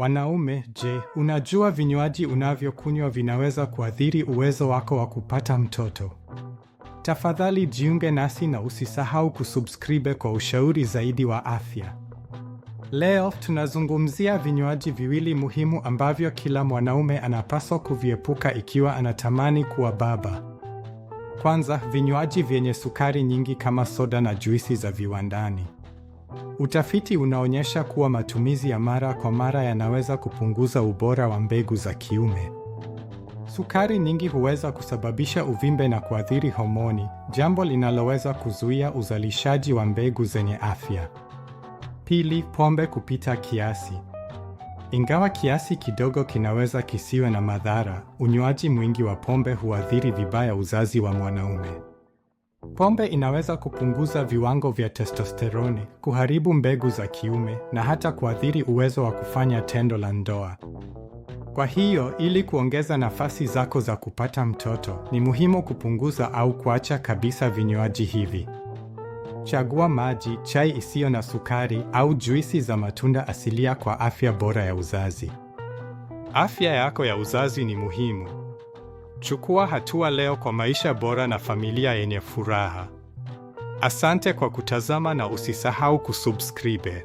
Wanaume, je, unajua vinywaji unavyokunywa vinaweza kuathiri uwezo wako wa kupata mtoto? Tafadhali jiunge nasi na usisahau kusubscribe kwa ushauri zaidi wa afya. Leo tunazungumzia vinywaji viwili muhimu ambavyo kila mwanaume anapaswa kuviepuka ikiwa anatamani kuwa baba. Kwanza, vinywaji vyenye sukari nyingi kama soda na juisi za viwandani. Utafiti unaonyesha kuwa matumizi ya mara kwa mara yanaweza kupunguza ubora wa mbegu za kiume. Sukari nyingi huweza kusababisha uvimbe na kuathiri homoni, jambo linaloweza kuzuia uzalishaji wa mbegu zenye afya. Pili, pombe kupita kiasi. Ingawa kiasi kidogo kinaweza kisiwe na madhara, unywaji mwingi wa pombe huathiri vibaya uzazi wa mwanaume. Pombe inaweza kupunguza viwango vya testosteroni, kuharibu mbegu za kiume na hata kuathiri uwezo wa kufanya tendo la ndoa. Kwa hiyo, ili kuongeza nafasi zako za kupata mtoto, ni muhimu kupunguza au kuacha kabisa vinywaji hivi. Chagua maji, chai isiyo na sukari au juisi za matunda asilia kwa afya bora ya uzazi. Afya yako ya uzazi ni muhimu. Chukua hatua leo kwa maisha bora na familia yenye furaha. Asante kwa kutazama na usisahau kusubscribe.